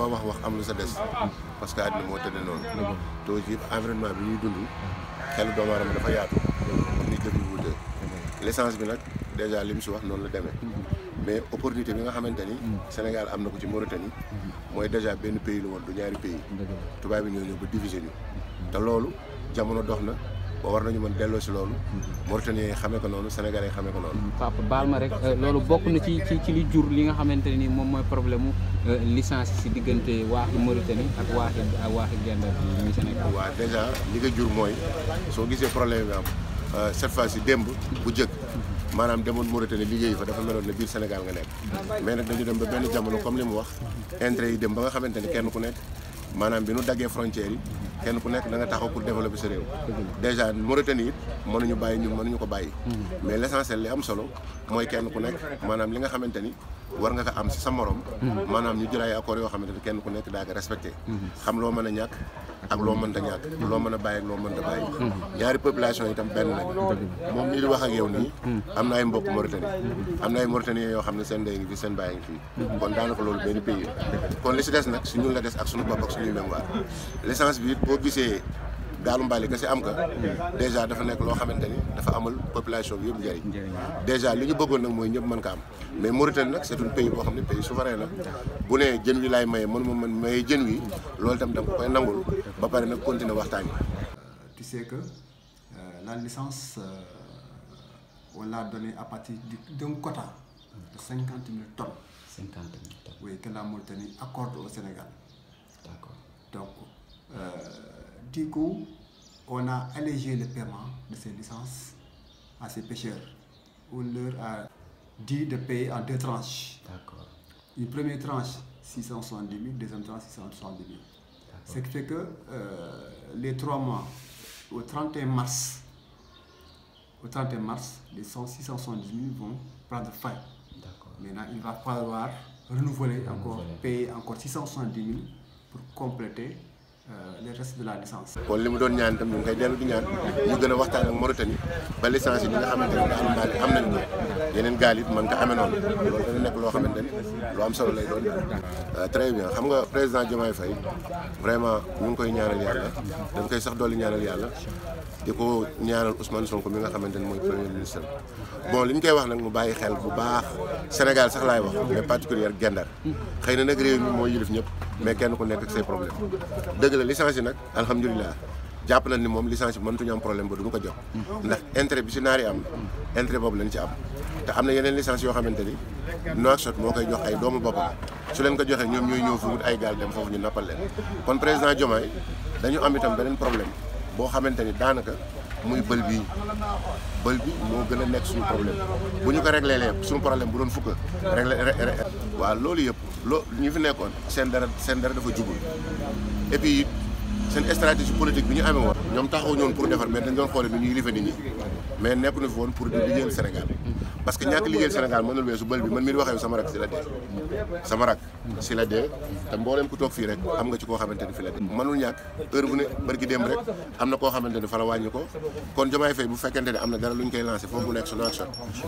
loo wax wax am lu sa des parce que àddina moo tëddee noonu te aussi environnement bi ñuy dund xel doomu aadama dafa yaatu comme ni jëf yi bi nag déjà li mu si wax noonu la demee mais opportunité bi nga xamante ni Sénégal am na ko ci Mauritanie mooy déjà benn pays la woon du ñaari pays tubaab yi ñoo ñëw ba diviser ñu te loolu jamono dox na ba war nañu mën delloo si loolu Mauritanie yi xamee ko noonu Sénégalais yi xamee ko noonu papa baal ma rek euh, loolu bokk na ci ci ci li jur li nga xamante nii moom mooy problème mu euh, licence si diggante waaxi Mauritanie ak waaxi waaxi Gendar bi muy Sénégal waaw dèjà li nga jur mooy soo gisee problème bi am euh, cette fois ci démb bu jëkk maanaam demoon Mauritanie liggéey fa dafa meloon ne biir Sénégal nga nekk mais nag dañu dem ba benn jamono comme li mu wax intérêt yi dem ba nga xamante ne kenn ku nekk maanaam bi nu daggee frontières yi kenn ku nekk da nga taxaw pour développer sa réew déjà Mauritanie it mënuñu bàyyi ñu ñun mënuñu ko bàyyi mais l'essentiel li am solo mooy kenn ku nekk maanaam li nga xamante ni war nga ko am si sa morom maanaam ñu jël ay accords yoo xamante ni kenn ku nekk daa ko respecté xam loo mën a ñàkk ak loo mënta ñàkk mm-hmm. loo mën a bàyyi ak loo mënta bàyyi mm-hmm. ñaari population yi tam benn lañu mm-hmm. moom mii di wax ak yow nii am na ay mbokk Mauritanie am na ay Mauritaniens yoo xam ne seen ndey ngi fi seen bàyyi ngi fii kon daanaka loolu benn pays kon li si des nag su ñun la des ak suñu bopp ak suñuy mémoire l'essence bi boo gisee gaalu mbaali kese am ka dèjà dafa nekk loo xamante ni dafa amal population bi yëpp njëriñ dèjà li ñu bëggoon nag mooy ñëpp mën ka am mais Mauritanie nag c'est un pays boo xam ne pays souverain la bu ne jën wi laay mayee man moom man maye jën wi loolu itam da nga koy nangul ba pare nag continuer waxtaan yi euh, que euh, la licence euh, on l'a à partir d'un quota de cinquante mille tonnes cinquante mille tonnes Sénégal Du coup, on a allégé le paiement de ces licences à ces pêcheurs. On leur a dit de payer en deux tranches. D'accord. Une première tranche, 670 000, deuxième tranche, 670 000. Ce qui fait que euh, les trois mois, au 31 mars, au 31 mars, les 670 000 vont prendre fin. Maintenant, il va falloir renouveler, renouveler, encore, payer encore 670 000 pour compléter Euh, le reste kon li mu doon ñaan itam ñu ngi koy dellu di ñaan ñu gën a waxtaan ak Mauritanie ba licence yi ñi nga xamante ne am gaal am nañ yeneen gaal it mën amee noonu loolu dana nekk loo xamante ne lu am solo lay doon. Euh, très bien xam nga président Diomaye Faye vraiment ñu ngi koy ñaanal yàlla dañ koy sax dolli ñaanal yàlla. di ko ñaanal Ousmane Sonko mi nga xamante ni mooy premier ministre bon li ñu koy wax nag mu bàyyi xel bu baax Sénégal sax laay wax mais particulière Gendar xëy na nag réew mi mooy yilif ñëpp mais kenn ku nekk ak say problème dëgg la licence yi nag alhamdulilah jàpp nañ ni moom licence bi mënatuñu am problème ba du ñu ko jox ndax intérêt bi si yi am intérêt boobu lañ ci am te am na yeneen licence yoo xamante ni Nouakchott moo koy jox ay doomu bopp su leen ko joxee ñoom ñooy ñëw fi ay gaal ñu nappal leen kon président Diomaye dañu am itam beneen problème boo xamante ni daanaka muy bël bii bël bi moo gën a nekk suñu problème bu ñu ko regleele lépp suñu problème bu doon fukk réglé waaw loolu yëpp loo ñu fi nekkoon seen dara seen dara dafa jubul et seen stratégie politique bi ñu amee woon ñoom taxawu ñoon pour defar mais dañ doon xoolee nu ñuy life nit ñi mais nekk na fi pour di liggéeyal Sénégal parce que ñàkk liggéeyal Sénégal mënul weesu bi si la dee sama rak ku toog fii rek am nga ci koo xamante ni fi la dee mënul ñàkk heure bu ne bërgi démb rek am na koo xamante bu fekkente ne am na dara lu ñu koy lancé foofu mu nekk sunu action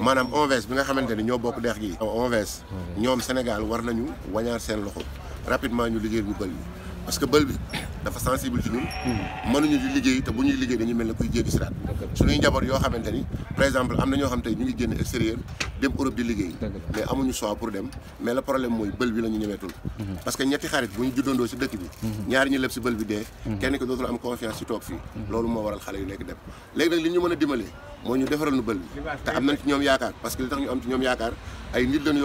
maanaam ONVS bi nga xamante ni ñoo bokk deex gi ONVS ñoom Sénégal war nañu wañaar seen loxo rapidement ñu liggéeyal ñu bël yi parce que bël bi dafa sensible ci ñun mënuñu di liggéey te bu ñuy liggéey dañuy mel ne kuy jéggi siraat suñuy njaboot yoo xamante ni exemple am na ñoo xam tey ñu ngi génn extérieur dem Europe di liggéey mais amuñu choix pour dem mais le problème mooy bël bi la ñu ñemeetul mhm. parce que ñetti xarit bu ñu juddandoo si dëkk bi mhm. ñaari ñu leb si bël bi dee mhm. kenn ki dootul am confiance si toog fii loolu moo waral xale yu nekk dem léegi li ñu mën a dimbalee moo ñu defaral nu bël bi te que li tax ñu am ci ñoom yaakaar ay nit lañu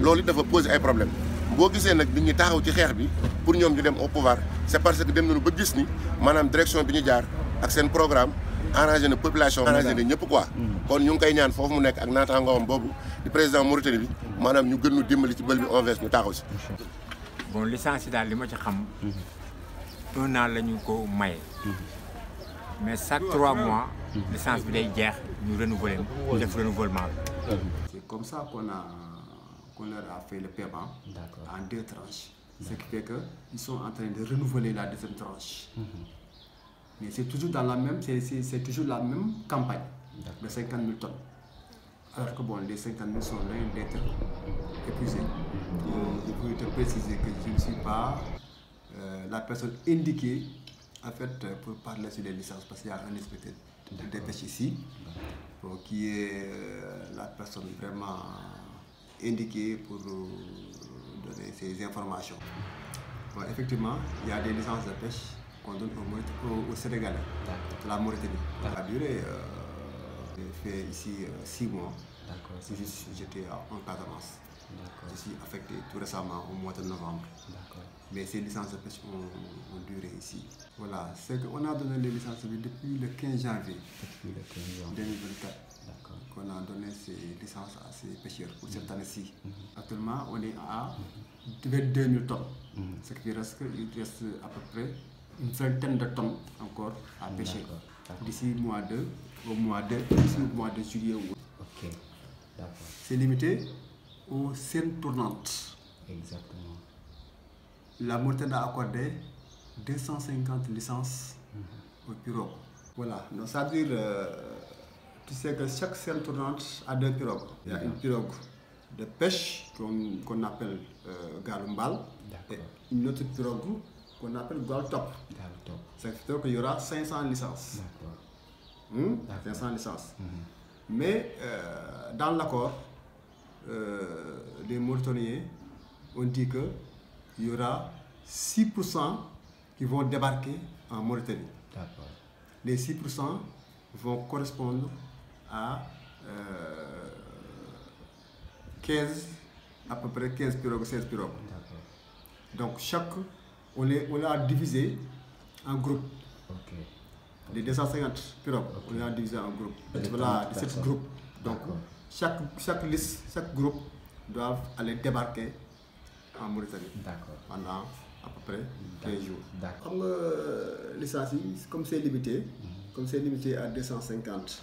loolu dafa poser ay problème boo gisee nag nit ñi taxaw ci xeex bi pour ñoom ñu dem au pouvoir c' est parce que dem nañu ba gis ni maanaam direction bi ñu jaar ak seen programme arrangé na population arrangé na ñëpp quoi kon ñu ngi koy ñaan foofu mu nekk ak naataangoom boobu di président Mauritanie bi maanaam ñu gën ñu dimbali ci bël bi envers ñu taxaw si bon licence yi daal li ma ci xam un an la ñu ko maye mais chaque trois mois licence bi day jeex ñu renouveler ñu def renouvellement bi c'est comme ça qu'on a on leur a fait le paiement en deux tranches. Ce qui fait qu'ils sont en train de renouveler la deuxième tranche. Mhm. Mais c'est toujours dans la même, c'est toujours la même campagne de 50 000 tonnes. Alors que bon, les 50 000 sont loin d'être épuisés. Mhm. Euh, je peux te préciser que je ne suis pas euh, la personne indiquée en fait pour parler sur les licences parce qu'il y a un inspecteur de dépêche ici qui est euh, la personne vraiment indiqué pour euh, donner ces informations. effectivement, il y a des licences de pêche qu'on donne au, Sénégalais, la Mauritanie. a duré euh, fait ici euh, six mois, mois. J'étais en j'étais en Je suis affecté tout récemment au mois de novembre. Mais ces licences de pêche ont, duré ici. Voilà, c'est qu'on a donné les licences depuis le 15 janvier donner ses licences à ses pêcheurs pour cette mm-hmm. année-ci. Mm-hmm. Actuellement, on est à 22 mm-hmm. 000 tonnes, ce qui reste, il reste à peu près une vingtaine de tonnes encore à pêcher d'ici mois de, au mois de, au mois de juillet. C'est limité aux scènes tournantes. Exactement. La Mauritanie a accordé 250 licences au bureau. Voilà, donc ça veut dire euh, tu sais que chaque selle tournante a deux pirogues. Il y a une pirogue de pêche qu'on appelle euh, garumbal et une autre pirogue qu'on appelle galtop. C'est-à-dire qu'il y aura 500 licences. 500 hmm? licences. Mhm. Mais euh, dans l'accord, euh, des les Mauritaniens ont dit qu'il y aura 6% qui vont débarquer en Mauritanie. Les 6% vont correspondre à 15, euh, à peu près 15 pirogues, 16 pirogues. Donc chaque, on les, a divisé en groupes. Les 250 pirogues, on les a divisé en groupes. Voilà, 17 groupes. Donc chaque, liste, chaque groupe doit aller débarquer en Mauritanie pendant à peu près 15 jours. Comme euh, comme c'est limité, mhm. comme c'est limité à 250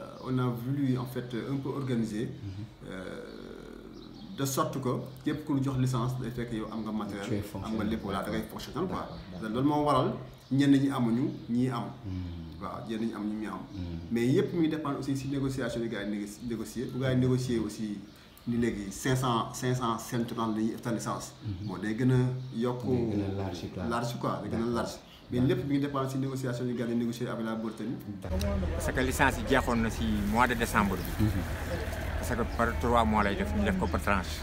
on a voulu en fait un peu organiser mhm. euh, de sorte que qui pour nous donne licence de fait que y a matériel un bon pour la travail pour chacun quoi dans le moment voilà ni ni am ni am voilà ni ni am ni am mais y a pour nous dépend aussi si négociation les gars négocier pour gars négocier aussi ni legui 500 500 centres dans licence mhm. bon les gars ne y a pas large quoi les gars large mais lépp mi ngi dépend si négociation yu gars yi négocier na si mois de décembre bi. par trois mois lay def ñu def ko par tranche.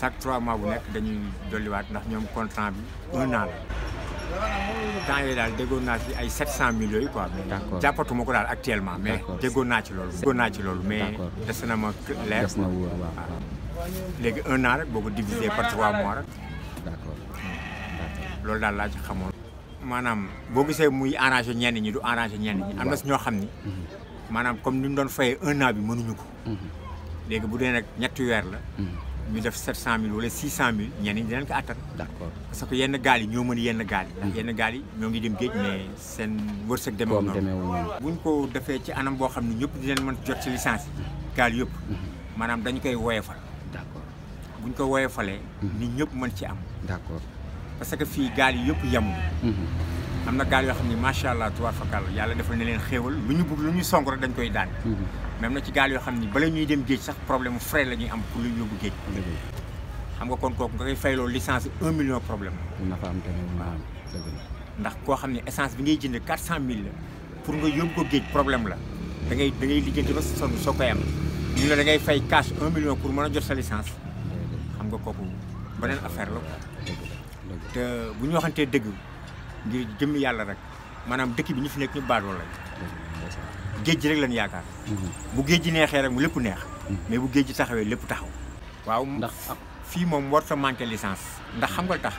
chaque trois mois dañuy dolliwaat ndax ñoom contrat bi un an la. temps naa si ay sept cent mille yooyu jàppatuma ko daal actuellement. mais déggoon naa ci loolu. déggoon naa ci loolu mais des na ma leer. léegi un an rek boo ko divisé par trois mois rek. loolu daal laa ci xamoon. maanaam boo gisee muy arrangé ñeeni ñi du arrangé ñenn ñi. am na si ñoo xam ni. maanaam comme ni mu doon fayee un an bi mënuñu ko. léegi bu dee nag ñetti weer la. ñu def 700000 wala 600000 ñenn ñi dinañ ko attan. a parce que yenn gaal yi ñoo mën yenn gaal yi. ndax yenn gaal yi ñoo ngi dem géej mais seen wërsëg demeewul noonu. buñ ko defee ci anam boo xam ne ñëpp dinañ mën jot ci licence yi. gaal yëpp. maanaam dañu koy woyofal. bu ñu ko woyofalee. nit ñëpp mën ci am. d'accord. parce que fii gaal yi yëpp yemul. Mhm. am na gaal yoo xam ne macha allah tubaar fakal yàlla defal na leen xéewal lu ñu bëgg lu ñu song rek dañ koy daan. même na ci gaal yoo xam ni bala ñuy dem géej sax problème mu frais la am pour lu géej. xam nga kon kooku nga koy fayloo licence un million problème na fa am la ndax koo xam ne essence bi ngay jënd quatre cent mille pour nga yóbbu ko problème la da ngay da ngay lijjanti ba sonn soo koy am ñu ne da ngay fay cash un million pour mën a jot sa licence xam nga kooku beneen affaire la te bu ñu waxantee dëgg ngir jëmm yàlla rek maanaam dëkk bi ñu fi nekk ñu baadoo lañ géej ji rek lañ yaakaar mhm. bu géej gi neexee rek mu lépp neex mhm. mais bu géej gi taxawee lépp taxaw waaw ndax fii moom war sa manqué licence ndax xam nga tax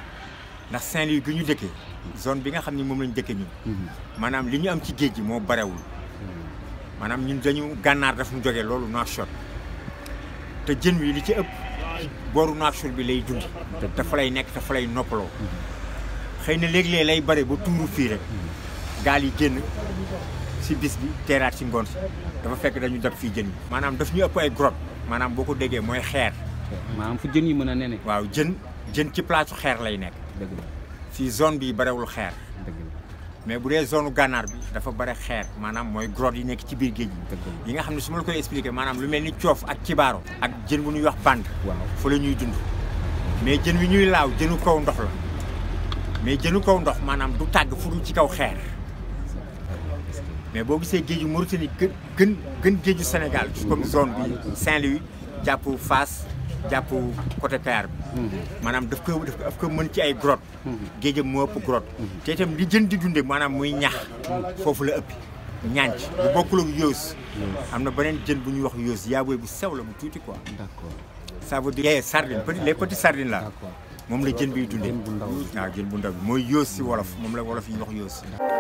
ndax Saint-Louis gi ñu dëkkee zone bi nga xam ne moom lañ dëkkee ñun mhm. maanaam li ñu am ci géej ji moo barewul maanaam ñun dañu gànnaar daf mu jógee loolu naa shot te jën wi li ci ëpp booru naafsul bi lay dund dafa lay nekk dafa lay noppaloo xëy na léeg-léeg lay bare ba tuuru fii rek gaal yi génn si bis bi teeraat si ngoon si dafa fekk dañu dab fii jën yi maanaam daf ñu ëpp ay grotte maanaam boo ko déggee mooy xeer maanaam fu jën yi mën a nene waaw jën jën ci place xeer lay nekk dëgg la si zone bi barewul xeer mais bu dee zone gànnaar bi dafa bare xeer maanaam mooy grotte yi nekk ci biir géej gi yi nga xam ne su ma la koy expliquer maanaam lu mel ni coof ak cibaaro ak jën bu ñuy wax bande waaw fa la ñuy dund mais jën wi ñuy laaw jënu kaw ndox la mais jënu kaw ndox maanaam du tàgg fu dul ci kaw xeer mais boo gisee géeju Mauritanie gën gën gën géeju Sénégal comme zone bi Saint-Louis jàpp fas japp côté car manam daf ko daf ko mën ci ay grotte mhm. geejëm mo grotte mhm. té di jënd di dundé manam muy ñax fofu la ëpp ñanc bu bokku lu yoss amna benen jënd bu ñu wax yoss ya boy bu sew eh, la mu tuti quoi d'accord ça veut dire sardine petit les petits sardines là mom la jënd bi dundé jënd bu ndaw moy yoss ci wolof mom la wolof yi wax yoss